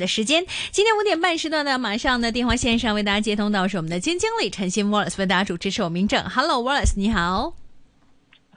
的時間，今天五點半時段呢，馬上呢電話線上為大家接通到是我們的金經理陳昕 Wallace 為大家主持，是我們明正，Hello Wallace，你好。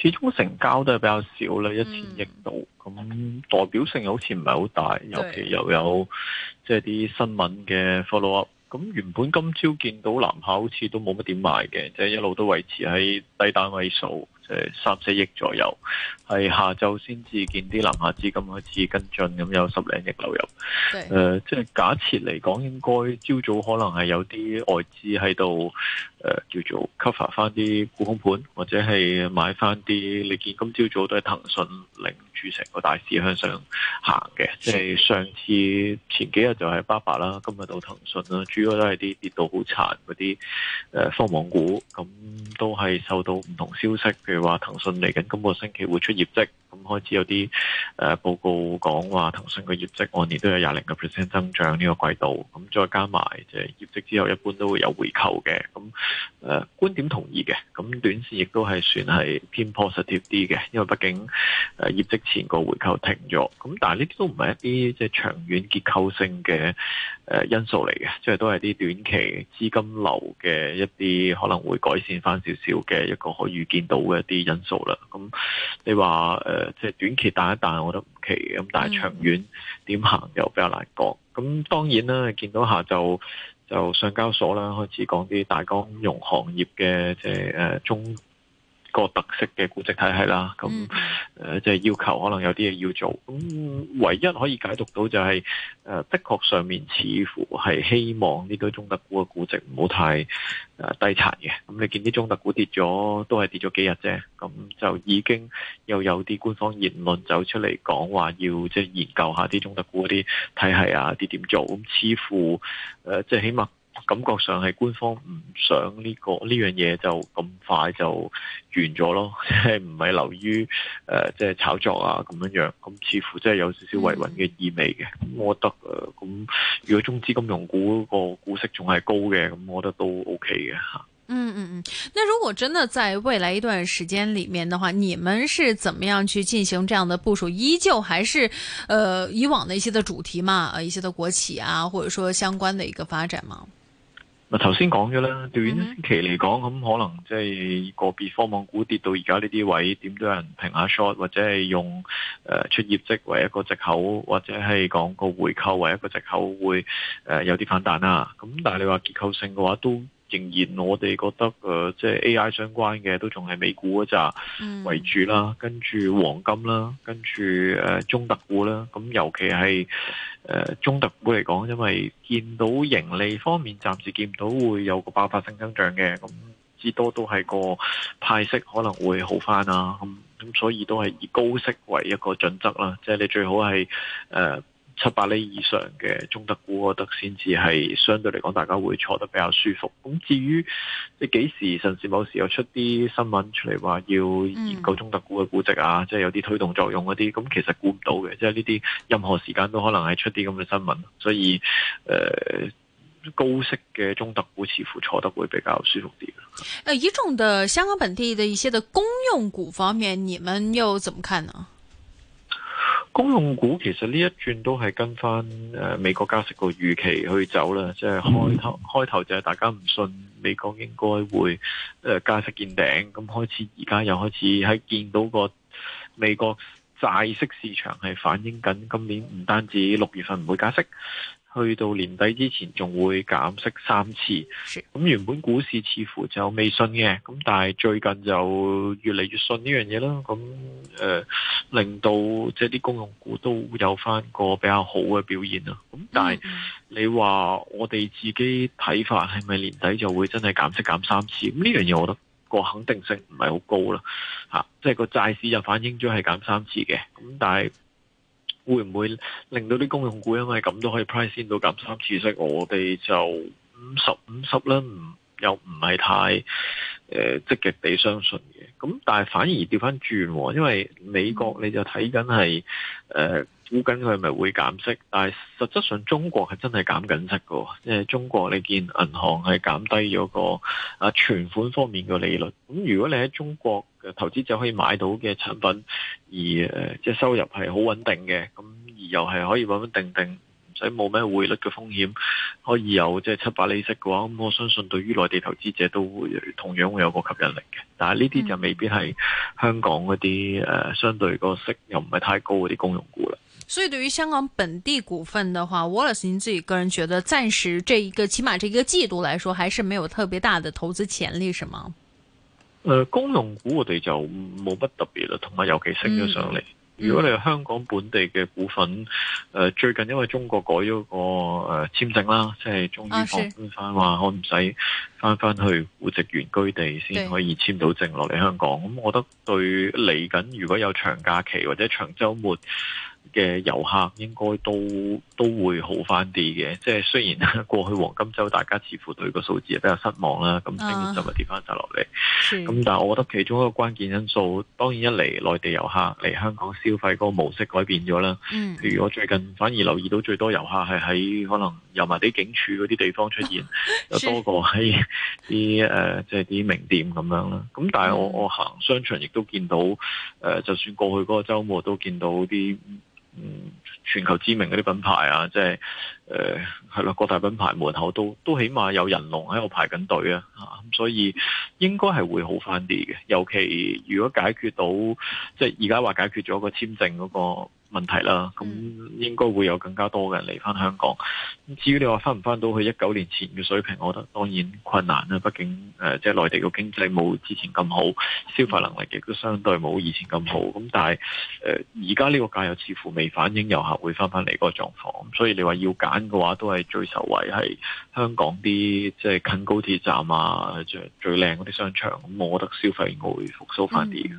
始終成交都係比較少咧，一千億度，咁、嗯、代表性好似唔係好大，尤其又有即係啲新聞嘅 follow up。咁原本今朝見到南下好似都冇乜點賣嘅，即係一路都維持喺低單位數，即係三四億左右。係下晝先至見啲南下資金開始跟進，咁有十零億流入。誒，即係假設嚟講，應該朝早可能係有啲外資喺度。呃、叫做 cover 翻啲沽空盤，或者係買翻啲。你見今朝早都係騰訊領住成個大市向上行嘅。即係上次前幾日就係巴巴，巴啦，今日到騰訊啦，主要都係啲跌到好殘嗰啲誒科網股。咁、嗯、都係受到唔同消息，譬如話騰訊嚟緊今個星期會出業績，咁、嗯、開始有啲誒、呃、報告講話騰訊嘅業績按年都有廿零個 percent 增長呢個季度。咁、嗯、再加埋即係業績之後，一般都會有回購嘅。咁、嗯誒，觀點同意嘅，咁短線亦都係算係偏 positive 啲嘅，因為畢竟誒業績前個回購停咗，咁但係呢啲都唔係一啲即係長遠結構性嘅誒因素嚟嘅，即係都係啲短期資金流嘅一啲可能會改善翻少少嘅一個可預見到嘅一啲因素啦。咁你話誒，即係短期彈一彈，我覺得唔奇，咁但係長遠點行又比較難講。咁當然啦，見到下晝。就上交所啦，開始講啲大金融行業嘅，即係誒中個特色嘅估值體系啦，咁誒即係要求，可能有啲嘢要做。咁唯一可以解讀到就係誒，的確上面似乎係希望呢堆中特股嘅估值唔好太誒低殘嘅。咁你見啲中特股跌咗，都係跌咗幾日啫。咁就已經又有啲官方言論走出嚟，講話要即係研究下啲中特股嗰啲體系啊，啲點做。咁似乎誒，即係起碼。感覺上係官方唔想呢、這個呢樣嘢就咁快就完咗咯，即係唔係流於誒即係炒作啊咁樣樣，咁似乎真係有少少維穩嘅意味嘅。我覺得誒，咁、呃、如果中資金融股個股息仲係高嘅，咁我覺得都 OK 嘅吓。嗯嗯嗯，那如果真的在未來一段時間裏面的話，你們是怎麼樣去進行這樣的部署？依舊還是誒、呃、以往的一些的主題嘛、啊，一些的國企啊，或者說相關的一個發展嘛？嗱，頭先講咗啦，短期嚟講，咁可能即係個別科網股跌到而家呢啲位，點都有人平下 short，或者係用誒、呃、出業績為一個借口，或者係講個回購為一個借口會，會、呃、誒有啲反彈啦。咁但係你話結構性嘅話都。仍然我哋覺得，即係 AI 相關嘅都仲係美股嗰紮為主啦，跟住黃金啦，跟住誒、呃、中特股啦。咁、嗯、尤其係誒、呃、中特股嚟講，因為見到盈利方面暫時見唔到會有個爆發性增長嘅，咁、嗯、至多都係個派息可能會好返啦。咁、嗯、咁所以都係以高息為一個準則啦，即係你最好係誒、呃七百厘以上嘅中特股，我覺得先至係相對嚟講，大家會坐得比較舒服。咁至於即幾時甚至某時又出啲新聞出嚟話要研究中特股嘅估值啊，嗯、即係有啲推動作用嗰啲，咁其實估唔到嘅。即係呢啲任何時間都可能係出啲咁嘅新聞，所以誒、呃、高息嘅中特股似乎坐得會比較舒服啲。誒，一眾的香港本地的一些的公用股方面，你們又怎麼看呢？公用股其實呢一轉都係跟翻，誒，美國加息個預期去走啦，即係開頭開頭就係大家唔信美國應該會誒，加息見頂，咁開始而家又開始喺見到個美國債息市場係反映緊今年唔單止六月份唔會加息。去到年底之前仲會減息三次，咁原本股市似乎就未信嘅，咁但係最近就越嚟越信呢樣嘢啦。咁誒、呃、令到即係啲公用股都有翻個比較好嘅表現啦。咁但係你話我哋自己睇法係咪年底就會真係減息減三次？咁呢樣嘢，我覺得個肯定性唔係好高啦。即、啊、係、就是、個債市就反映咗係減三次嘅。咁但係。會唔會令到啲公用股因為咁都可以 price 先到減三次息？我哋就五十五十啦，唔又唔係太誒積極地相信嘅。咁但係反而掉返轉，因為美國你就睇緊係誒。呃估緊佢咪會減息？但係實質上中國係真係減緊息嘅，即係中國你見銀行係減低咗個啊存款方面嘅利率。咁如果你喺中國嘅投資者可以買到嘅產品，而誒即係收入係好穩定嘅，咁而又係可以穩穩定定，唔使冇咩匯率嘅風險，可以有即係七八釐息嘅話，咁我相信對於內地投資者都會同樣會有個吸引力嘅。但係呢啲就未必係香港嗰啲誒相對個息又唔係太高嗰啲公用股。所以對於香港本地股份的話，Wallace，你自己個人覺得暫時這一個，起碼這一個季度來說，還是沒有特別大的投資潛力，是嗎？誒、呃，公用股我哋就冇乜特別啦，同埋尤其升咗上嚟、嗯。如果你係香港本地嘅股份，誒、嗯呃，最近因為中國改咗個誒、呃、簽證啦，即係終於放寬翻，話、啊嗯、我唔使翻翻去戶籍原居地先可以簽到證落嚟香港。咁、嗯、我覺得對嚟緊如果有長假期或者長周末，嘅遊客應該都都會好翻啲嘅，即係雖然過去黃金週大家似乎對個數字係比較失望啦，咁所以就咪跌翻晒落嚟。咁、啊、但係我覺得其中一個關鍵因素，當然一嚟內地遊客嚟香港消費嗰個模式改變咗啦。譬、嗯、如我最近反而留意到最多遊客係喺可能油麻地警署嗰啲地方出現，又、啊、多過喺啲誒即係啲名店咁樣啦。咁但係我我行商場亦都見到誒、呃，就算過去嗰個週末都見到啲。嗯，全球知名嗰啲品牌啊，即係誒，係咯，各大品牌門口都都起碼有人龍喺度排緊隊啊，吓，咁所以應該係會好翻啲嘅。尤其如果解決到即係而家話解決咗個簽證嗰個。問題啦，咁應該會有更加多嘅人嚟翻香港。咁至於你話翻唔翻到去一九年前嘅水平，我覺得當然困難啦。畢竟即係、呃就是、內地個經濟冇之前咁好，消費能力亦都相對冇以前咁好。咁但係而家呢個價又似乎未反映遊客會翻返嚟嗰個狀況。所以你話要揀嘅話，都係最受惠係香港啲即係近高鐵站啊，最最靚嗰啲商場。咁我覺得消費我會復甦返啲。嗯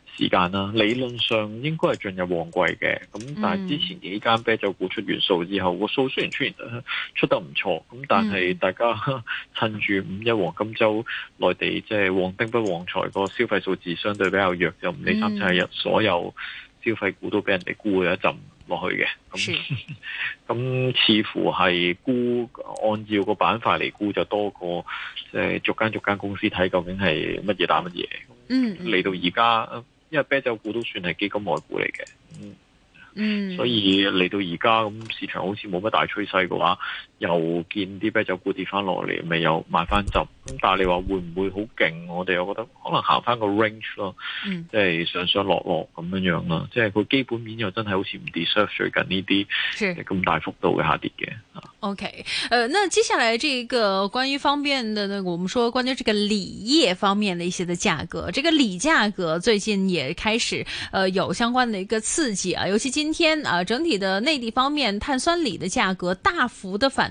時間啦、啊，理論上應該係進入旺季嘅，咁但係之前幾間啤酒股出完數之後，個、嗯、數雖然出現出得唔錯，咁但係大家、嗯、趁住五一黃金周內地即係旺丁不旺財，個消費數字相對比較弱，又唔理三七日、嗯，所有消費股都俾人哋沽一陣落去嘅，咁咁 似乎係沽按照個板塊嚟沽，就多過，即係逐間逐間公司睇究竟係乜嘢打乜嘢。嚟、嗯嗯、到而家。因為啤酒股都算係基金外股嚟嘅，嗯，所以嚟到而家咁，市場好似冇乜大趨勢嘅話。又見啲啤酒股跌翻落嚟，咪又買翻集。咁但係你話會唔會好勁？我哋我覺得可能行翻個 range 咯、嗯，即係上上落落咁樣樣啦。即係個基本面又真係好似唔 deserve 最近呢啲咁大幅度嘅下跌嘅。OK，呃那接下來這個關於方便嘅，呢，我們說關於這個鋰業方面的一些嘅價格，這個鋰價格最近也開始，呃有相關嘅一個刺激啊，尤其今天啊、呃，整體的內地方面碳酸鋰嘅價格大幅的反。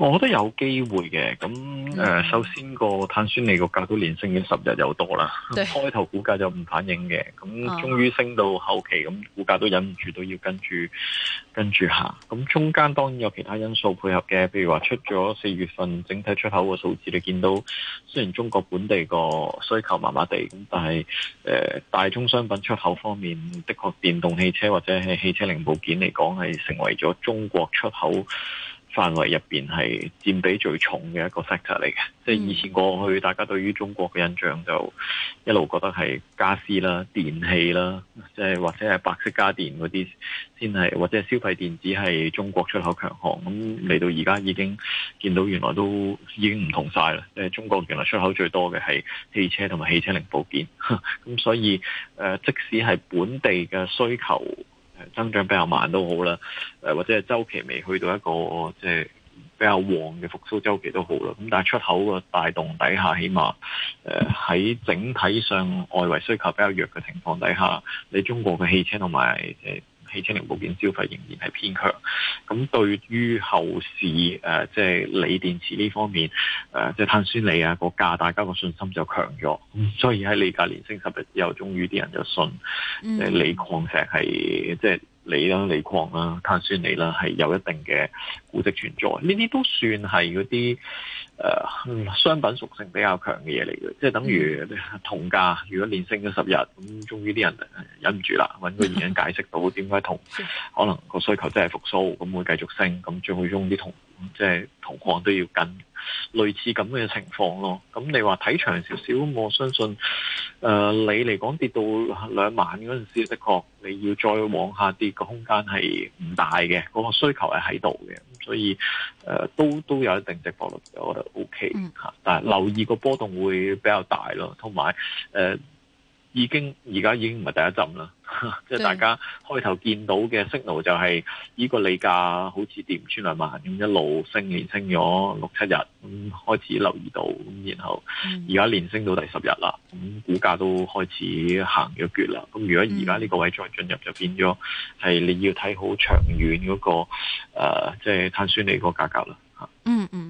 我覺得有機會嘅，咁、呃嗯、首先個碳酸鋰個價都連升咗十日有多啦，開頭股價就唔反應嘅，咁終於升到後期咁，股價都忍唔住都要跟住跟住下咁，中間當然有其他因素配合嘅，譬如話出咗四月份整體出口個數字，你見到雖然中國本地個需求麻麻地，咁但係誒、呃、大宗商品出口方面，的確電動汽車或者汽車零部件嚟講，係成為咗中國出口範圍入邊係佔比最重嘅一個 sector 嚟嘅，即係以前過去大家對於中國嘅印象就一路覺得係傢俬啦、電器啦，即係或者係白色家電嗰啲先係，或者係消費電子係中國出口強項。咁嚟到而家已經見到原來都已經唔同晒啦。誒，即係中國原來出口最多嘅係汽車同埋汽車零部件，咁所以誒，即使係本地嘅需求。增長比較慢都好啦，誒或者係周期未去到一個即係比較旺嘅復蘇周期都好啦。咁但係出口嘅帶動底下，起碼誒喺整體上外圍需求比較弱嘅情況底下，你中國嘅汽車同埋誒。汽車零部件消費仍然係偏強，咁對於後市誒，即係鋰電池呢方面誒，即係碳酸鋰啊個價，大家個信心就強咗，所以喺鋰價連升十日之後，終於啲人就信，即係鋰礦石係即係。鋰啦、鋰礦啦、碳酸鋰啦，係有一定嘅估值存在。呢啲都算係嗰啲誒，商品屬性比較強嘅嘢嚟嘅。即係等於銅價，如果連升咗十日，咁終於啲人忍唔住啦，揾個原因解釋到點解銅可能個需求真係復甦，咁會繼續升，咁最終啲銅即係銅礦都要跟。類似咁嘅情況咯，咁你話睇長少少，我相信誒、呃，你嚟講跌到兩萬嗰陣時，的確你要再往下跌、個空間係唔大嘅，嗰、個需求係喺度嘅，所以誒、呃、都都有一定直播率，我覺得 O K 吓，但係留意個波動會比較大咯，同埋誒。呃已經而家已經唔係第一浸啦，即係 大家開頭見到嘅 signal 就係呢個鋰價好似跌唔穿兩萬咁一路升，連升咗六七日，咁、嗯、開始留意到，咁然後而家連升到第十日啦，咁、嗯、股價都開始行咗跌啦。咁、嗯、如果而家呢個位再進入就了是、那個呃，就變咗係你要睇好長遠嗰個誒，即係碳酸鋰嗰個價格啦。吓，嗯嗯。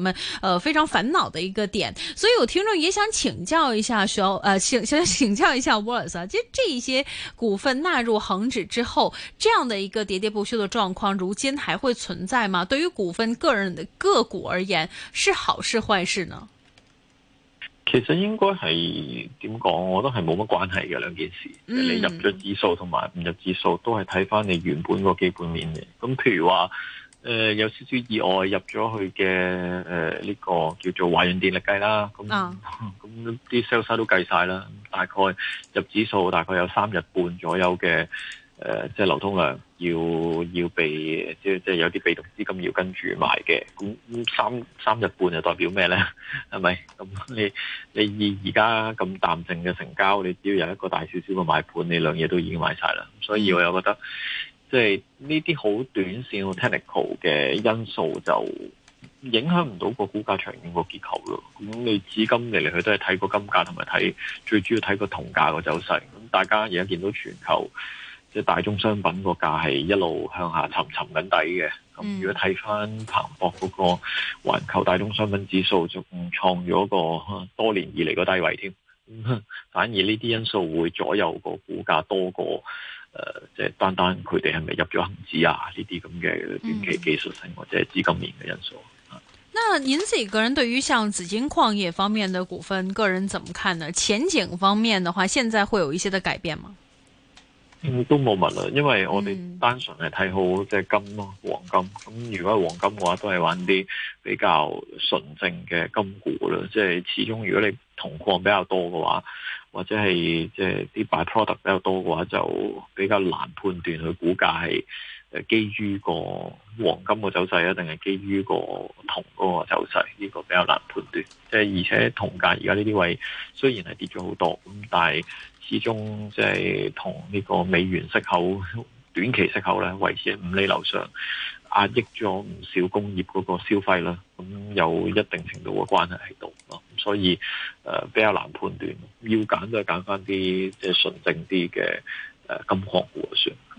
們呃非常煩惱的一個點，所以有聽眾也想請教一下小呃，請想請，請教一下沃爾斯，就這一些股份納入恒指之後，這樣的一個跌跌不休的狀況，如今還會存在嗎？對於股份個人的個股而言，是好是壞事呢？其實應該係點講，我都係冇乜關係嘅兩件事，嗯、你入咗指數同埋唔入指數都係睇翻你原本個基本面嘅。咁譬如話。誒、呃、有少少意外入咗去嘅，誒，呢個叫做華潤電力計啦，咁咁啲 sales 都計晒啦，大概入指數大概有三日半左右嘅，誒，即、呃、係、即係、流通量要要被即係即係有啲被動資金要跟住買嘅，咁三三日半就代表咩咧？係 咪？咁你你而而家咁淡靜嘅成交，你只要有一個大少少嘅買盤，你兩嘢都已經買晒啦，所以我又覺得。嗯即係呢啲好短線 technical 嘅因素就影響唔到個股價長遠個結構咯。咁你至今嚟嚟去都係睇個金價同埋睇最主要睇個銅價個走勢。咁大家而家見到全球即係、就是、大宗商品個價係一路向下沉沉緊底嘅。咁如果睇翻彭博嗰個環球大宗商品指數，仲創咗個多年以嚟個低位添。反而呢啲因素會左右個股價多過。誒、呃，即、就、係、是、單單佢哋係咪入咗恒指啊？呢啲咁嘅短期技術性、嗯、或者資金面嘅因素啊？那您自己個人對於像紫金礦業方面嘅股份，個人怎麼看呢？前景方面的話，現在會有一些的改變嗎？嗯、都冇乜啦，因為我哋單純係睇好即係金咯、嗯，黃金咁。如果係黃金嘅話，都係玩啲比較純正嘅金股啦。即係始終如果你。銅礦比較多嘅話，或者係即係啲擺 product 比較多嘅話，就比較難判斷佢股價係基於個黃金嘅走勢，一定係基於個銅嗰個走勢，呢個比較難判斷。即係而且銅價而家呢啲位雖然係跌咗好多，咁但係始終即係同呢個美元息口短期息口咧維持喺五厘樓上。壓抑咗唔少工業嗰個消費啦，咁有一定程度嘅關係喺度咯，所以誒比較難判斷，要揀都係揀翻啲即係純正啲嘅誒金礦股算。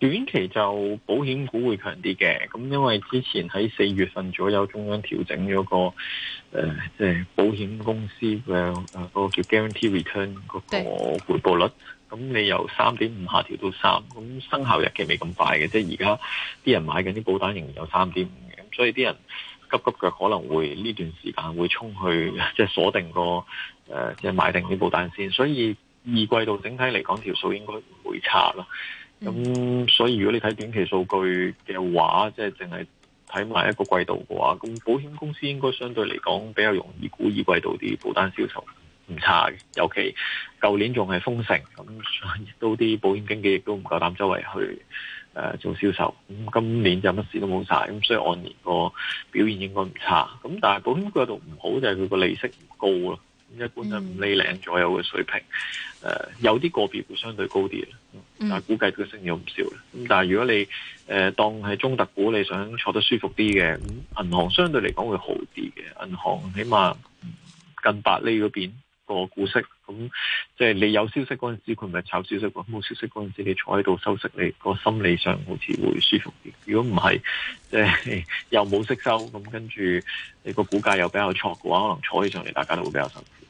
短期就保險股會強啲嘅，咁因為之前喺四月份左右中央調整咗個誒，即、呃、係、就是、保險公司嘅嗰、那個叫 guarantee return 嗰個回報率，咁你由三點五下調到三，咁生效日期未咁快嘅，即係而家啲人買緊啲保單仍然有三點五嘅，咁所以啲人急急腳可能會呢段時間會衝去即係、就是、鎖定個誒，即、呃、係、就是、買定啲保單先，所以二季度整體嚟講條數應該唔會差咯。咁所以如果你睇短期數據嘅話，即係淨係睇埋一個季度嘅話，咁保險公司應該相對嚟講比較容易估二季度啲保單銷售唔差嘅。尤其舊年仲係封城，咁亦都啲保險經紀亦都唔夠膽周圍去誒、呃、做銷售。咁今年就乜事都冇曬，咁所以按年個表現應該唔差。咁但係保險季度唔好就係佢個利息唔高咯。一般就五厘零左右嘅水平，誒、嗯，有啲個別會相對高啲、嗯、但係估計佢升咗唔少啦。咁但係如果你誒、呃、當係中特估，你想坐得舒服啲嘅，咁銀行相對嚟講會好啲嘅，銀行起碼近八厘嗰邊。嗰個股息，咁即係你有消息嗰陣時，佢咪炒消息；冇消息嗰陣時，你坐喺度收息，你個心理上好似會舒服啲。如果唔係，即係又冇息收，咁跟住你個股價又比較錯嘅話，可能坐起上嚟，大家都會比較辛苦。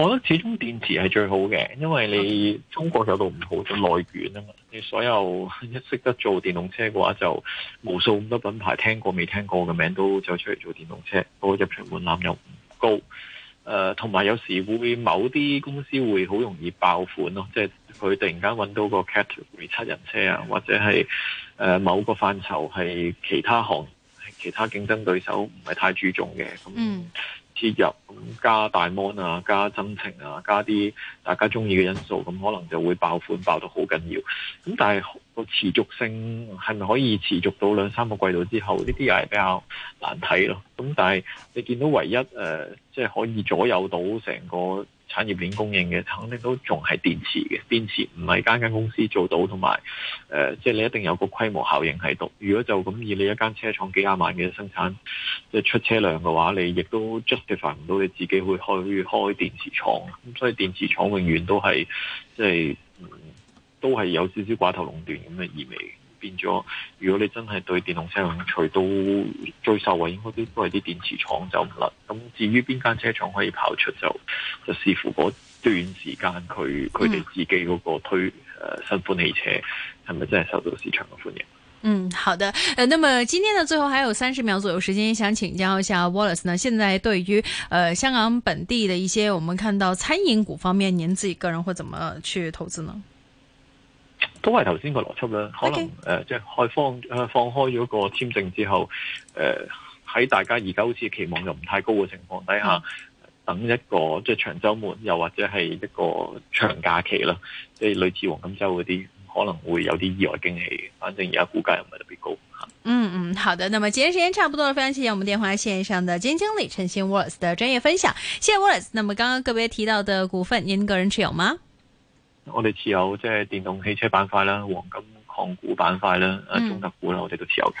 我覺得始終電池係最好嘅，因為你中國有度唔好咗內卷啊嘛。你所有一識得做電動車嘅話就，就無數咁多品牌聽過未聽過嘅名都走出嚟做電動車。個入場門檻又唔高，誒、呃，同埋有，有時會某啲公司會好容易爆款咯，即係佢突然間揾到個 category 七人車啊，或者係、呃、某個範疇係其他行、其他競爭對手唔係太注重嘅咁。切入咁加大摩啊，加真情啊，加啲大家中意嘅因素，咁可能就會爆款爆到好緊要。咁但係個持續性係咪可以持續到兩三個季度之後呢啲又係比較難睇咯。咁但係你見到唯一誒，即係可以左右到成個。產業鏈供應嘅，肯定都仲係電池嘅。電池唔係間間公司做到，同埋誒，即係你一定有個規模效應喺度。如果就咁以你一間車廠幾廿萬嘅生產，即係出車輛嘅話，你亦都 justify 唔到你自己會去開開電池廠。咁所以電池廠永遠都係即係都係有少少寡頭壟斷咁嘅意味。變咗，如果你真係對電動車有興趣，都最受惠應該都都係啲電池廠就唔甩。咁至於邊間車廠可以跑出就就視乎嗰段時間佢佢哋自己嗰個推誒、呃、新款汽車係咪真係受到市場嘅歡迎？嗯，好的。呃，那麼今天呢最後還有三十秒左右時間，想請教一下 Wallace，呢現在對於呃香港本地的一些我們看到餐飲股方面，您自己個人會怎麼去投資呢？都係頭先個邏輯啦，可能誒、okay. 呃，即係開放誒放開咗個簽證之後，誒、呃、喺大家而家好似期望又唔太高嘅情況底下，嗯，等一個即係長周末，又或者係一個長假期啦，即係類似黃金周嗰啲，可能會有啲意外驚喜。反正而家股價又唔係特別高。嗯嗯，好的，那麼今日時間差不多啦，非常謝謝我們電話線上的基金經理陳昕 Words 的專業分享，謝謝 Words。那麼剛剛個別提到的股份，您個人持有嗎？我哋持有即係電動汽車板塊啦、黃金礦股板塊啦、誒，中特股啦，我哋都持有嘅。